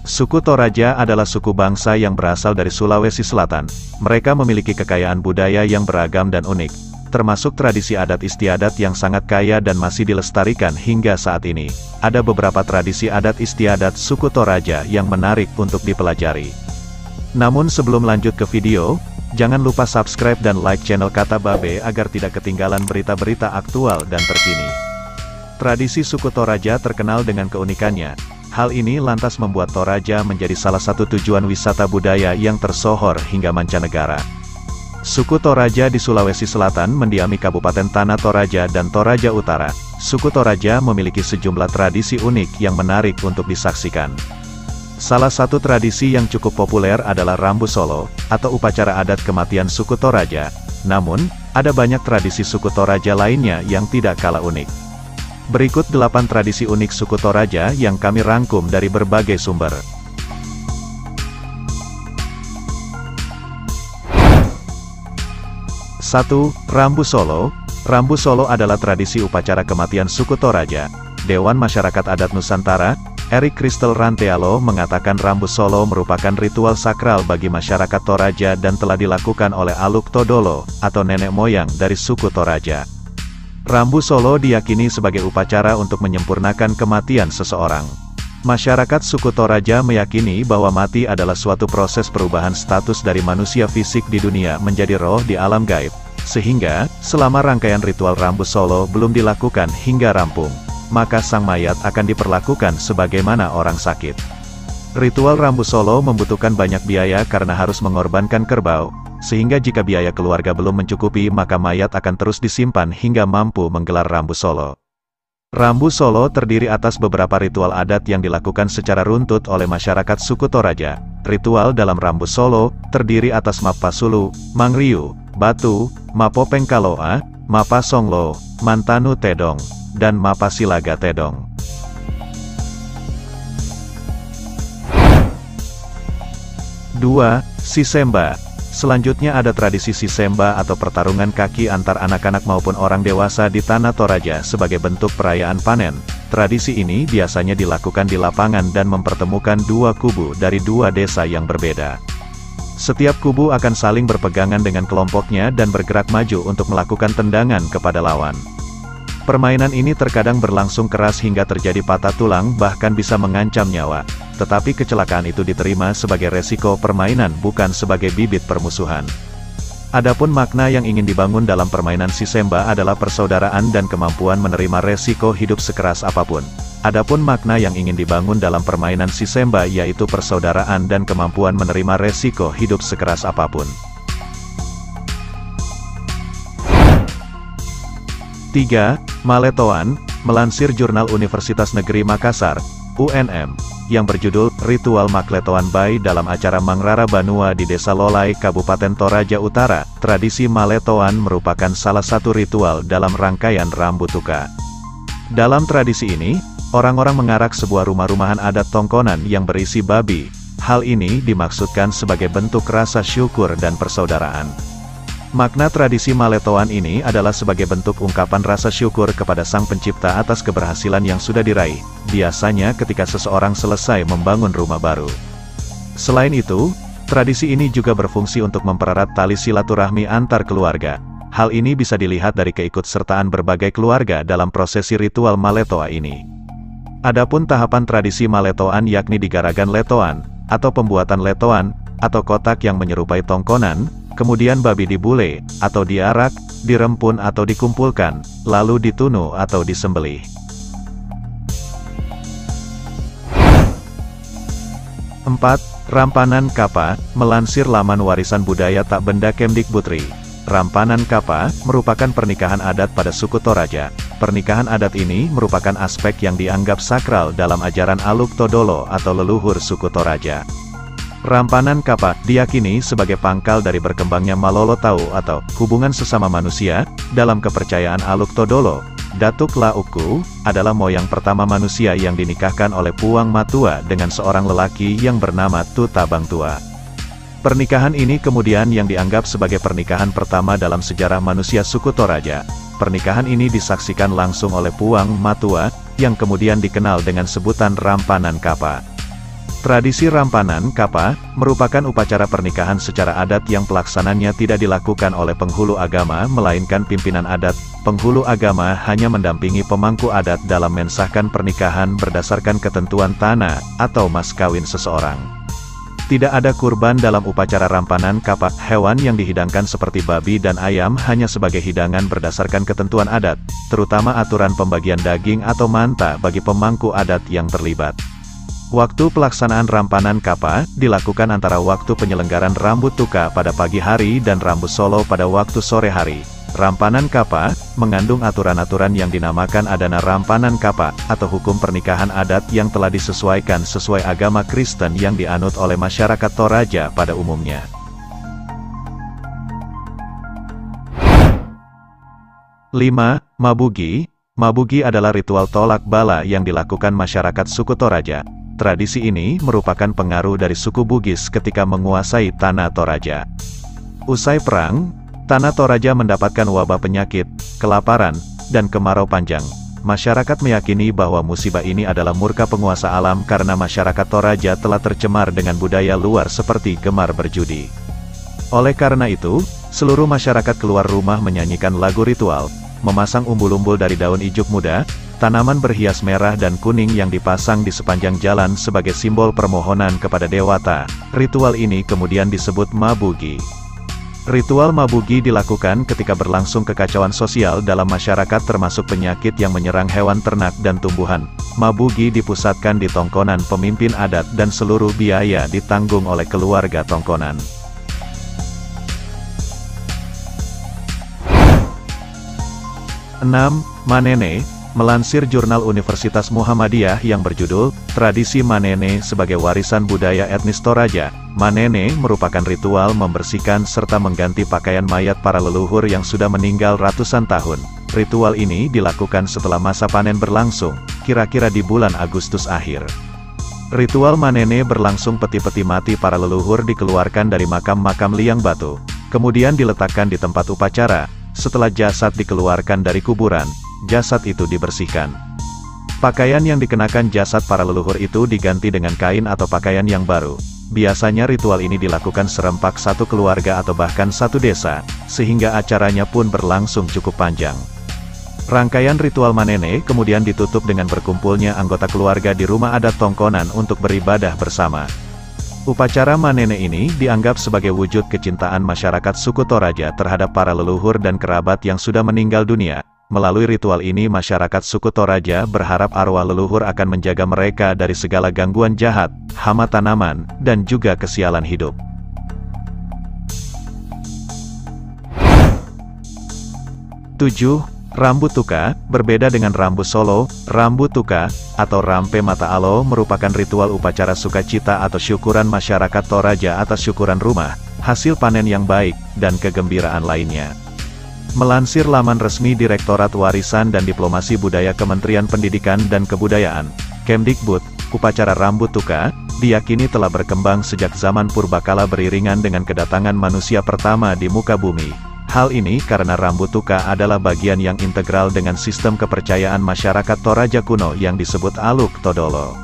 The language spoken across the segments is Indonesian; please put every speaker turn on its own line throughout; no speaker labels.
Suku Toraja adalah suku bangsa yang berasal dari Sulawesi Selatan. Mereka memiliki kekayaan budaya yang beragam dan unik, termasuk tradisi adat istiadat yang sangat kaya dan masih dilestarikan hingga saat ini. Ada beberapa tradisi adat istiadat suku Toraja yang menarik untuk dipelajari. Namun sebelum lanjut ke video, jangan lupa subscribe dan like channel Kata Babe agar tidak ketinggalan berita-berita aktual dan terkini. Tradisi suku Toraja terkenal dengan keunikannya, Hal ini lantas membuat Toraja menjadi salah satu tujuan wisata budaya yang tersohor hingga mancanegara. Suku Toraja di Sulawesi Selatan mendiami Kabupaten Tanah Toraja dan Toraja Utara. Suku Toraja memiliki sejumlah tradisi unik yang menarik untuk disaksikan. Salah satu tradisi yang cukup populer adalah Rambu Solo, atau upacara adat kematian suku Toraja. Namun, ada banyak tradisi suku Toraja lainnya yang tidak kalah unik. Berikut 8 tradisi unik suku Toraja yang kami rangkum dari berbagai sumber. Satu, Rambu Solo. Rambu Solo adalah tradisi upacara kematian suku Toraja. Dewan Masyarakat Adat Nusantara, Eric Crystal Rantealo mengatakan Rambu Solo merupakan ritual sakral bagi masyarakat Toraja dan telah dilakukan oleh Aluk Todolo, atau nenek moyang dari suku Toraja. Rambu Solo diyakini sebagai upacara untuk menyempurnakan kematian seseorang. Masyarakat suku Toraja meyakini bahwa mati adalah suatu proses perubahan status dari manusia fisik di dunia menjadi roh di alam gaib. Sehingga, selama rangkaian ritual Rambu Solo belum dilakukan hingga rampung, maka sang mayat akan diperlakukan sebagaimana orang sakit. Ritual Rambu Solo membutuhkan banyak biaya karena harus mengorbankan kerbau, sehingga jika biaya keluarga belum mencukupi maka mayat akan terus disimpan hingga mampu menggelar Rambu Solo. Rambu Solo terdiri atas beberapa ritual adat yang dilakukan secara runtut oleh masyarakat suku Toraja. Ritual dalam Rambu Solo terdiri atas Mapasulu, Mangriu, Batu, Mapo Pengkaloa, Mapa Songlo, Mantanu Tedong, dan Mapa Silaga Tedong. Dua, Sisemba Selanjutnya ada tradisi sisemba atau pertarungan kaki antar anak-anak maupun orang dewasa di Tanah Toraja sebagai bentuk perayaan panen. Tradisi ini biasanya dilakukan di lapangan dan mempertemukan dua kubu dari dua desa yang berbeda. Setiap kubu akan saling berpegangan dengan kelompoknya dan bergerak maju untuk melakukan tendangan kepada lawan. Permainan ini terkadang berlangsung keras hingga terjadi patah tulang bahkan bisa mengancam nyawa. Tetapi kecelakaan itu diterima sebagai resiko permainan bukan sebagai bibit permusuhan. Adapun makna yang ingin dibangun dalam permainan Sisemba adalah persaudaraan dan kemampuan menerima resiko hidup sekeras apapun. Adapun makna yang ingin dibangun dalam permainan Sisemba yaitu persaudaraan dan kemampuan menerima resiko hidup sekeras apapun. 3. Maletoan, melansir jurnal Universitas Negeri Makassar, UNM, yang berjudul Ritual Makletoan Bai dalam acara Mangrara Banua di Desa Lolai, Kabupaten Toraja Utara, tradisi Maletoan merupakan salah satu ritual dalam rangkaian Rambutuka. Dalam tradisi ini, orang-orang mengarak sebuah rumah-rumahan adat tongkonan yang berisi babi. Hal ini dimaksudkan sebagai bentuk rasa syukur dan persaudaraan. Makna tradisi Maletoan ini adalah sebagai bentuk ungkapan rasa syukur kepada Sang Pencipta atas keberhasilan yang sudah diraih, biasanya ketika seseorang selesai membangun rumah baru. Selain itu, tradisi ini juga berfungsi untuk mempererat tali silaturahmi antar keluarga. Hal ini bisa dilihat dari keikutsertaan berbagai keluarga dalam prosesi ritual Maletoa ini. Adapun tahapan tradisi Maletoan yakni digaragan letoan, atau pembuatan letoan, atau kotak yang menyerupai tongkonan, kemudian babi dibule, atau diarak, dirempun atau dikumpulkan, lalu ditunu atau disembelih. 4. Rampanan Kapa, melansir laman warisan budaya tak benda Kemdikbudri. Rampanan Kapa, merupakan pernikahan adat pada suku Toraja. Pernikahan adat ini merupakan aspek yang dianggap sakral dalam ajaran Aluk Todolo atau leluhur suku Toraja. Rampanan Kapa diyakini sebagai pangkal dari berkembangnya Malolo Tau atau hubungan sesama manusia, dalam kepercayaan Aluk Todolo, Datuk Lauku, adalah moyang pertama manusia yang dinikahkan oleh Puang Matua dengan seorang lelaki yang bernama Tuta Tua. Pernikahan ini kemudian yang dianggap sebagai pernikahan pertama dalam sejarah manusia suku Toraja. Pernikahan ini disaksikan langsung oleh Puang Matua, yang kemudian dikenal dengan sebutan Rampanan Kapa. Tradisi rampanan kapa merupakan upacara pernikahan secara adat yang pelaksanannya tidak dilakukan oleh penghulu agama melainkan pimpinan adat. Penghulu agama hanya mendampingi pemangku adat dalam mensahkan pernikahan berdasarkan ketentuan tanah atau mas kawin seseorang. Tidak ada kurban dalam upacara rampanan kapak. Hewan yang dihidangkan seperti babi dan ayam hanya sebagai hidangan berdasarkan ketentuan adat, terutama aturan pembagian daging atau manta bagi pemangku adat yang terlibat. Waktu pelaksanaan rampanan kapa, dilakukan antara waktu penyelenggaran rambut tuka pada pagi hari dan rambut solo pada waktu sore hari. Rampanan kapa, mengandung aturan-aturan yang dinamakan adana rampanan kapa, atau hukum pernikahan adat yang telah disesuaikan sesuai agama Kristen yang dianut oleh masyarakat Toraja pada umumnya. Lima, Mabugi Mabugi adalah ritual tolak bala yang dilakukan masyarakat suku Toraja, Tradisi ini merupakan pengaruh dari suku Bugis ketika menguasai Tanah Toraja. Usai perang, Tanah Toraja mendapatkan wabah penyakit, kelaparan, dan kemarau panjang. Masyarakat meyakini bahwa musibah ini adalah murka penguasa alam karena masyarakat Toraja telah tercemar dengan budaya luar seperti gemar berjudi. Oleh karena itu, seluruh masyarakat keluar rumah menyanyikan lagu ritual, memasang umbul-umbul dari daun ijuk muda, Tanaman berhias merah dan kuning yang dipasang di sepanjang jalan sebagai simbol permohonan kepada dewata, ritual ini kemudian disebut Mabugi. Ritual Mabugi dilakukan ketika berlangsung kekacauan sosial dalam masyarakat termasuk penyakit yang menyerang hewan ternak dan tumbuhan. Mabugi dipusatkan di tongkonan pemimpin adat dan seluruh biaya ditanggung oleh keluarga tongkonan. Enam, Manene, Melansir jurnal Universitas Muhammadiyah yang berjudul, Tradisi Manene sebagai warisan budaya etnis Toraja, Manene merupakan ritual membersihkan serta mengganti pakaian mayat para leluhur yang sudah meninggal ratusan tahun. Ritual ini dilakukan setelah masa panen berlangsung, kira-kira di bulan Agustus akhir. Ritual Manene berlangsung peti-peti mati para leluhur dikeluarkan dari makam-makam liang batu, kemudian diletakkan di tempat upacara, setelah jasad dikeluarkan dari kuburan, jasad itu dibersihkan. Pakaian yang dikenakan jasad para leluhur itu diganti dengan kain atau pakaian yang baru. Biasanya ritual ini dilakukan serempak satu keluarga atau bahkan satu desa, sehingga acaranya pun berlangsung cukup panjang. Rangkaian ritual Manene kemudian ditutup dengan berkumpulnya anggota keluarga di rumah adat Tongkonan untuk beribadah bersama. Upacara Manene ini dianggap sebagai wujud kecintaan masyarakat suku Toraja terhadap para leluhur dan kerabat yang sudah meninggal dunia, Melalui ritual ini masyarakat suku Toraja berharap arwah leluhur akan menjaga mereka dari segala gangguan jahat, hama tanaman, dan juga kesialan hidup. Tujuh, rambut Tuka, berbeda dengan rambut Solo, Rambut Tuka, atau Rampe Mata Alo merupakan ritual upacara sukacita atau syukuran masyarakat Toraja atas syukuran rumah, hasil panen yang baik, dan kegembiraan lainnya. Melansir laman resmi Direktorat Warisan dan Diplomasi Budaya Kementerian Pendidikan dan Kebudayaan, Kemdikbud, upacara rambut tuka, diyakini telah berkembang sejak zaman purbakala beriringan dengan kedatangan manusia pertama di muka bumi. Hal ini karena rambut tuka adalah bagian yang integral dengan sistem kepercayaan masyarakat Toraja kuno yang disebut Aluk Todolo.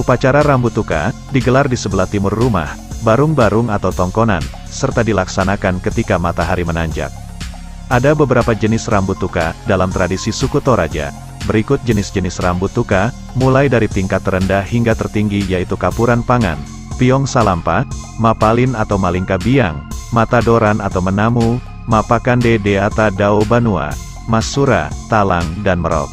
Upacara rambut tuka, digelar di sebelah timur rumah, barung-barung atau tongkonan, serta dilaksanakan ketika matahari menanjak. Ada beberapa jenis rambut tuka dalam tradisi suku Toraja. Berikut jenis-jenis rambut tuka, mulai dari tingkat terendah hingga tertinggi yaitu kapuran pangan, piong salampa, mapalin atau malingka biang, doran atau menamu, mapakande deata dao banua, masura, talang, dan merok.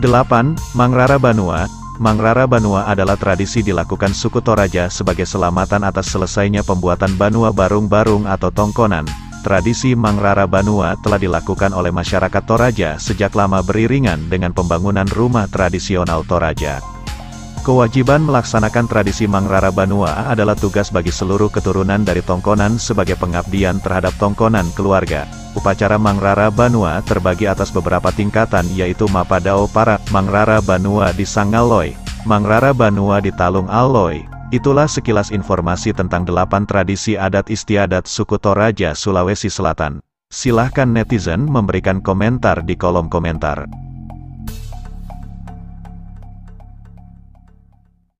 Delapan, Mangrara Banua, Mangrara Banua adalah tradisi dilakukan suku Toraja sebagai selamatan atas selesainya pembuatan Banua Barung-Barung atau Tongkonan. Tradisi Mangrara Banua telah dilakukan oleh masyarakat Toraja sejak lama beriringan dengan pembangunan rumah tradisional Toraja. Kewajiban melaksanakan tradisi Mangrara Banua adalah tugas bagi seluruh keturunan dari Tongkonan sebagai pengabdian terhadap Tongkonan keluarga. Upacara Mangrara Banua terbagi atas beberapa tingkatan yaitu Mapadao Para, Mangrara Banua di Sangaloi, Mangrara Banua di Talung Aloi. Itulah sekilas informasi tentang delapan tradisi adat istiadat suku Toraja, Sulawesi Selatan. Silahkan netizen memberikan komentar di kolom komentar.